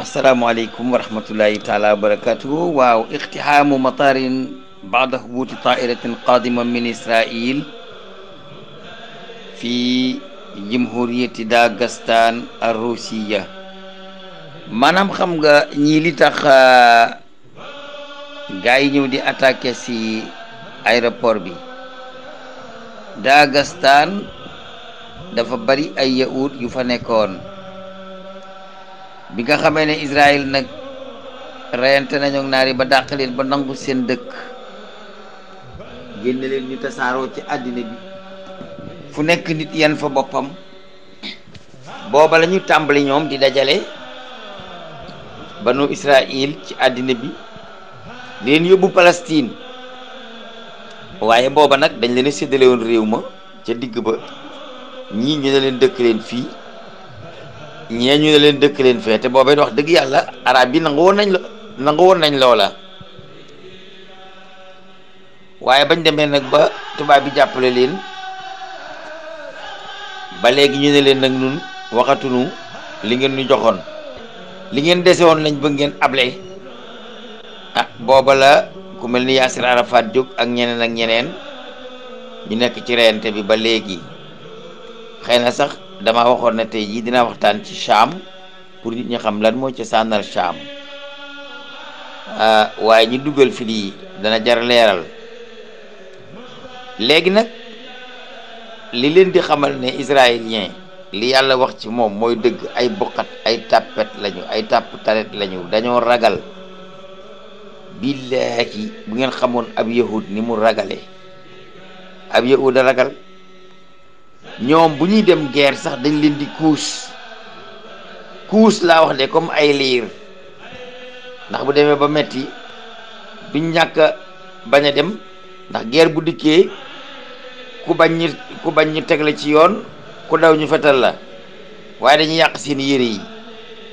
asalaamaaleykum wa rahmatullahi taala wa barakatuhu waaw iqtihaamu matarin baada hubuuti tairatin qadima min israil fi jumhuriyati dagestan arrusiya maanaam xam nga ñii li tax ah, gars yi ñëw di attaqué si aéroport bi dagestan dafa bari ay yahud yu fa nekkoon bi nga xamee ne Israël nag reyante nañu naar yi ba dàq leen ba nangu seen dëkk génne leen ñu tasaaroo ci àddina bi fu nekk nit yan fa boppam booba la tàmbali ñoom di dajale banu Israël ci àddina bi leen yóbbu Palestine waaye booba nag dañ leen a réew ma ca digg ba ñii ñu ne leen dëkk leen fii ñee ñu ne leen dëkk leen fee te boobeen wax dëgg yàlla arab yi nangu woon nañ la nangu woon nañ loola waaye bañ demee nag ba tubaab bi jàppale leen ba léegi ñu ne leen nag nun waxatunu li ngeen ñu joxoon li ngeen dese woon lañ bëgg ngeen able ah booba la ku mel ni Yaasir Arafat jóg ak ñeneen ak ñeneen ñu nekk ci reyante bi ba léegi xëy na sax damaa waxoon na tey jii dina waxtaan ci Cham pour nit ñi xam lan mooy ci sànnal Cham ah, waaye ñi dugal fi lii dana jar leeral léegi nag li leen di xamal ne israélien li yàlla wax ci moom mooy dëgg ay bokkat ay tàppet lañu ay tàpp taret lañu dañoo ragal billaahi bu ngeen xamoon ab yahud ni mu ragale ab yahud a ragal ñoom bu ñuy dem guerre sax dañ leen di kuus kuus laa wax de comme ay liir ndax bu demee ba metti duñ ñàkk a bañ a dem ndax guerre bu dikkee ku bañ ñu ku bañ ñu teg la ci yoon ku daw ñu fetal la waaye dañuy yàq seen yére yi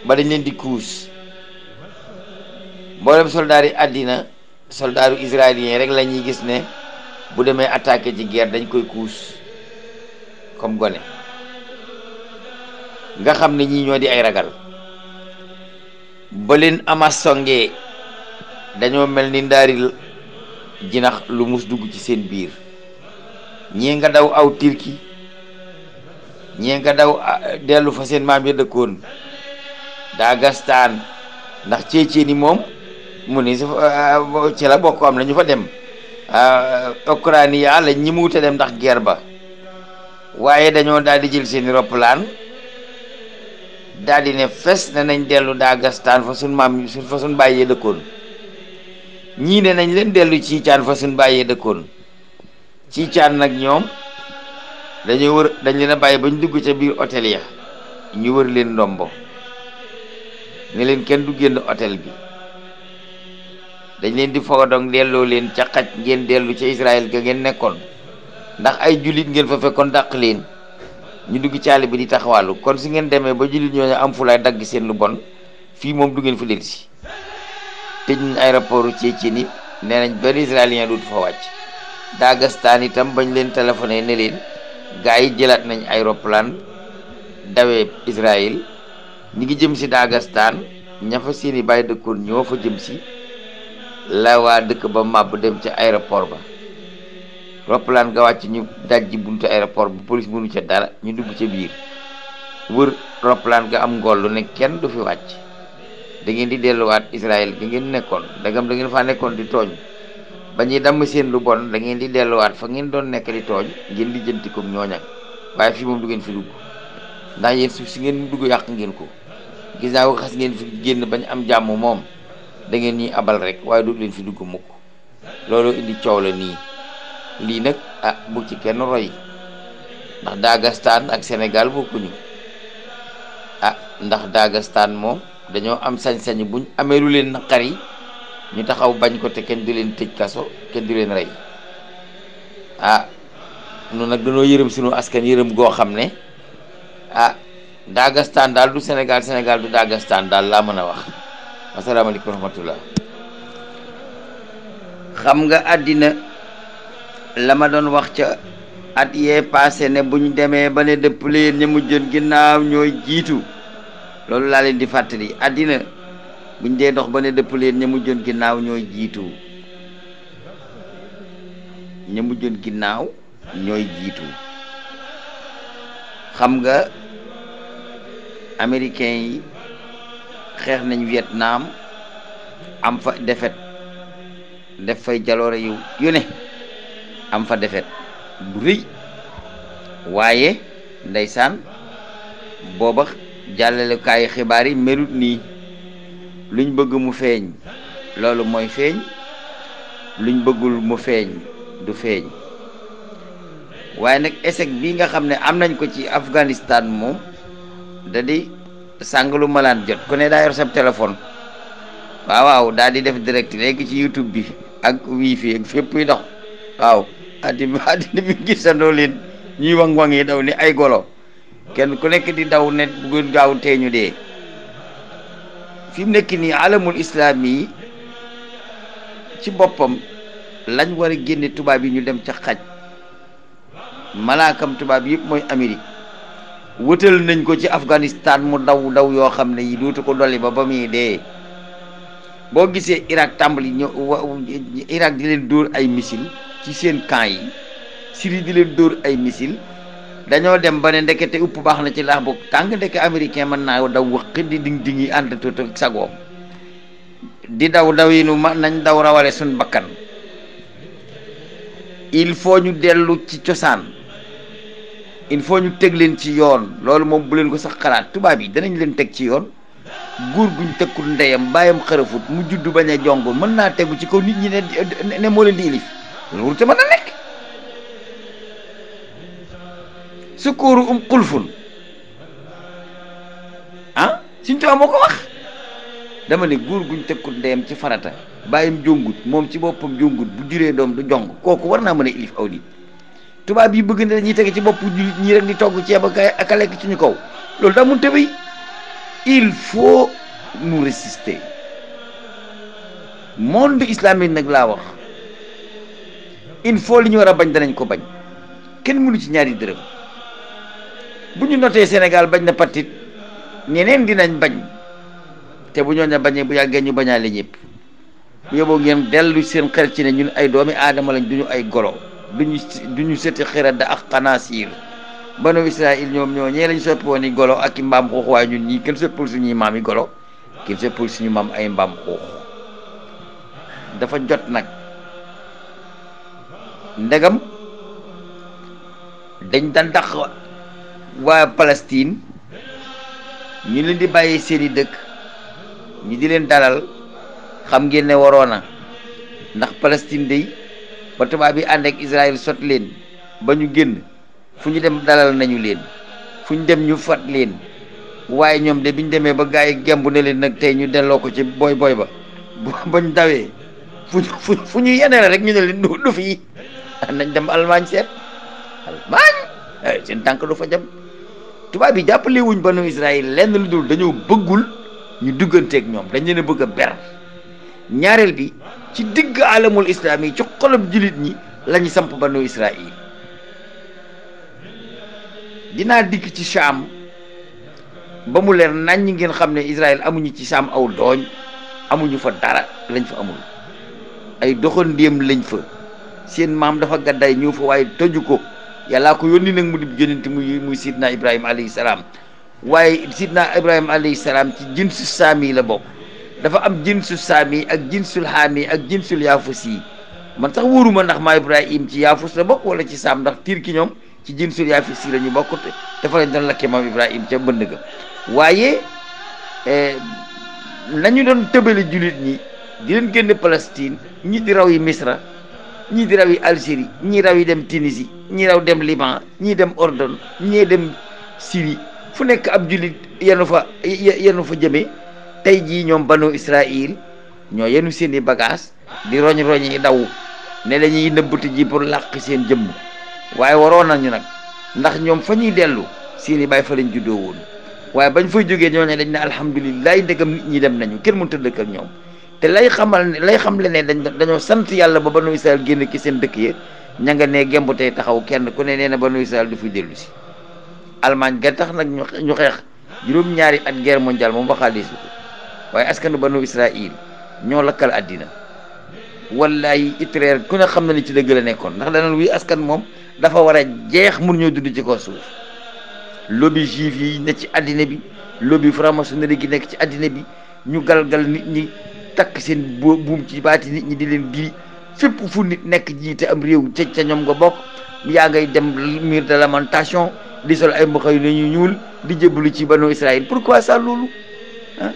ba dañ leen di kuus mboolem soldaar yi àddina soldaaru israélien rek la ñuy gis ne bu demee attaqué ci guerre dañ koy kuus comme goné nga xamné ñi ñii ñoo di ay ragal ba leen ama songee dañoo melni ni jinax lu mus dugg ci seen biir ñi nga daw aw tirki ñi nga daw delu fa seen maam ya ndax ci mu ni ci la bokku am lañu fa dem Ukrainia ya la ñi mu dem ndax guerre ba waaye dañoo daal di jël seeni roppalaan daal ne fes ne nañ dellu daa gastaan fa suñ maam fa suñ bàyyee dëkkoon ñii ne nañ leen dellu ciicaan caan fa suñ bàyyee dëkkoon ciicaan nag ñoom dañoo wër dañ leen a bàyyi ba ñu dugg ca biir hôtel ya ñu wër leen ndombo ne leen kenn du génn hôtel bi dañ leen di foog a delloo leen ca xaj ngeen dellu ca israel ga ngeen nekkoon ndax ay jullit ngeen fa fekkoon dàq leen ñu dugg ci àll bi di taxawàllu kon su ngeen demee ba jullit ñoo am fulaay dagg seen lu bon fii moom du ngeen fa leen si tëj nañ aéroport Tchétchénie it nee nañ benn israélien dootu wàcc Dagestan itam bañ leen téléphoné ne leen gars yi jëlaat nañ aéroplan dawee Israël ñi ngi jëm si daagastaan ña fa seeni bàyyi dëkkoon ñoo fa jëm si la waa dëkk ba màbb dem ca aéroport ba roppalaan ga wàcc ñu daj ji buntu aéroport bu police mënu ca dara ñu dugg ca biir wër roppalaan ga am ngollu ne kenn du fi wàcc da ngeen di delluwaat Israël gi ngeen nekkoon dagam da ngeen faa nekkoon di tooñ ba ñu damm seen lu bon da ngeen di delluwaat fa ngeen doon nekk di tooñ ngeen di jënti comme ñooña waaye fii moom du ngeen fi dugg ndax yéen suuf si ngeen dugg yàq ngeen ko gis naa ko xas ngeen fi génn bañ am jàmm moom da ngeen ñuy abal rek waaye du leen fi dugg mukk loolu indi coow la nii lii nag ah bu ci kenn roy ndax Daghestan ak Sénégal bokkuñu ah ndax Daghestan moom dañoo am sañ-sañ buñ amee lu leen naqar yi ñu taxaw bañ ko te kenn du leen tëj kaso kenn du leen rey ah noonu nag dañoo yërëm sunu askan yërëm goo xam ne ah Daghestan daal du Sénégal Sénégal du Daghestan daal laa mën a wax asalaamaaleykum wa rahmatullah xam nga àddina la ma doon wax ca at yee passé ne buñ demee ba ne dëpp leen ña mujjoon ginnaaw ñooy jiitu loolu laa leen di fàttali àddina buñ dee dox ba ne dëpp leen ña jën ginnaaw ñooy jiitu ña mujjoon ginnaaw ñooy jiitu xam nga américain yi xeex nañ Vietnam am fa defet def fay jaloore yu yu ne am fa defet bu rëy waaye ndeysaan booba jàllalekaayu xibaar yi melut nii luñ bëgg mu feeñ loolu mooy feeñ luñ bëggul mu feeñ du feeñ waaye nag échec bii nga xam ne am nañ ko ci Afghanistan moom da di sàngalu malaan jot ko ne daa yor sa téléphone waaw waaw daal di def direct léegi ci YouTube bi ak wifi ak fépp dox waaw addina mi bi gisandoo leen ñuy wang-wang daw ni ay golo kenn ku nekk di daw ne bu gën gaaw tee ñu dee fi nekk nii alamul islaam yi ci boppam lañ war a génne tubaab yi ñu dem ca xaj malaakam tubaab yëpp mooy Amérique wëtal nañ ko ci Afghanistan mu daw daw yoo xam ne yi dootu ko dolli ba ba muy dee boo gisee Irak tàmbali ñëw Irak di leen dóor ay missile ci seen kan yi Syrie di leen dóor ay missile dañoo dem ba ne ndekete upp baax na ci laax bu tàng ndeke americain mën naa daw wëq di ding dingi ànd tuuti ak sagoom di daw daw yi nu ma nañ daw rawale suñ bakkan il faut ñu dellu ci cosaan il faut ñu teg leen ci yoon loolu moom bu leen ko sax xalaat tubaab yi danañ leen teg ci yoon góor guñ tëkkul ndeyam bàyyam xërëfut mu judd bañ a jong mën naa tegu ci kaw nit ñi ne ne moo leen di ilif loolu te mën a nekk sukkuuru um xulfun ah suñ tubaab moo ko wax dama ne góor guñ tëkkut ndeyam ci farata bàyyim jongut moom ci boppam jongut bu juree doom du jong kooku war naa mën a ilif aw nit tubaab yi bëgg ne dañuy tege ci bopp jullit ñi rek di togg ceeb ak a lekk ci ñu kaw loolu daa mun tëbéy il faut nous résister monde islamique nag laa wax il faut li ñu war a bañ danañ ko bañ kenn mënu ci ñaari dërëm bu ñu notee Sénégal bañ na partit ñeneen dinañ bañ te bu ñoo ne bañee bu yàggee ñu bañaale ñëpp bu yóbboo ngeen dellu seen xel ci ne ñun ay doomi aadama lañ duñu ay golo duñu duñu sëti xirada ak xanaasiir banu Israël ñoom ñoo ñee lañ soppi golo ak i mbaam xuux waaye ñun ñii kenn soppul suñuy maam yi golo kenn soppul suñu maam ay mbaam xuux dafa jot nag ndegam dañ daan dàq waa Palestine ñu leen di bàyyi seeni dëkk ñu di leen dalal xam ngeen ne waroon na ndax Palestine day ba tubaab bi ànd ak Israël sot leen ba ñu génn fu ñu dem dalal nañu leen fu ñu dem ñu fat leen waaye ñoom de bi ñu demee ba gars yi gemb ne leen nag tey ñu delloo ko ci booy booy ba bañ dawee fu ñu fu ñu yenee rek ñu ne leen du fi nañ dem Allemagne seet Allemagne eh, seen tànk du fa jëm tubaab yi jàppale wuñ banu Israël lenn lu dul dañoo bëggul ñu dugganteeg ñoom dañ leen a bëgg a ber ñaareel bi ci digg alamul islam yi ci xolub jullit ñi lañu samp banu Israël dinaa digg ci Cham ba mu leer nañ ngeen xam ne Israël amuñu ci Cham aw dooñ amuñu fa dara lañ fa amul ay doxandéem lañ fa seen maam dafa gaddaay ñëw fa waaye tëju ko yàllaa ko yónni nag mu di yónent muy muy sidna ibrahima alayhi salaam waaye sidna ibrahima alayhi salaam ci jinsu saami la bokk dafa am jinsu saami ak jinsul haami ak jinsul yaafus yi man sax wóoruma ndax maa ibrahim ci yaafus la bokk wala ci saam ndax tiir ki ñoom ci jinsul yaafus yi la ñu bokk dafa lañ doon lakke maam ibrahim ca bënd ga waaye eh, nañu doon tëbale jullit ñi di leen génne Palestine ñi di raw yi ñii di raw yi Algérie ñii raw yi dem Tunisie ñii raw dem Liban ñii dem Ordon ñii dem Syrie fu nekk ab jullit yenu fa yenu fa jëme tey jii ñoom banu Israël ñoo yenu seen i bagage di roñ-roñ yi daw ne la ñuy nëbbatu ji pour làq seen jëmm waaye waroon nañu nag ndax ñoom fa ñuy dellu seen i baay fa lañ juddoo woon waaye bañ fay jógee ñoo ne dañ ne alhamdulilah ndegam nit ñi dem nañu kenn mënut a ak ñoom. te lay xamal ne lay xam le ne dañ dañoo sant yàlla ba banu Israël génn ki seen dëkk ya ña nga ne gemb tey taxaw kenn ku ne nee na banu Israël du fi dellu si Allemagne ga tax nag ñu xeex juróom-ñaari at guerre mondiale moom waxaale su ko waaye askanu banu Israël ñoo lakkal àddina wallaay Hitler ku ne xam na ni ci dëgg la nekkoon ndax danoon wi askan moom dafa war a jeex mun ñoo dund ci ko suuf lobby juif yi ne ci àddina bi lobby franc-maçonnerie gi nekk ci àddina bi ñu galgal nit takk seen buum ci baati nit ñi di leen giri fépp fu nit nekk jiite am réew ca ca ñoom nga bokk yaa ngay dem mur de lamentation di sol ay mbaxay ne ñu ñuul di jébbalu ci banu Israël pourquoi ça loolu ah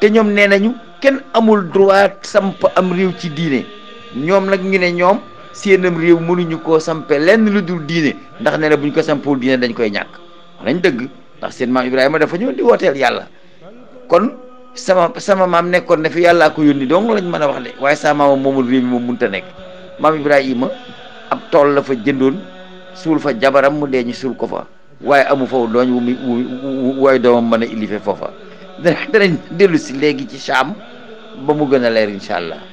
te ñoom nee nañu kenn amul droit samp am réew ci diine ñoom nag ngi ne ñoom seenam réew mënuñu koo sampe lenn lu dul diine ndax nee buñ bu ñu ko sampul diine dañ koy ñàkk wax nañ dëgg ndax seen maam Ibrahima dafa ñëw di wooteel yàlla kon sama sama maam nekkoon na fi yàllaa ko yónni dong lañ mën a wax de waaye sama maam moomul mu mi moom mënut a nekk maam Ibrahima ab tool la fa jëndoon suul fa jabaram mu dee ñu suul ko fa waaye amu faw dooñ wu mu waaye doomam mën a ilife foofa danañ dellu si léegi ci saam ba mu gën a leer incha allah.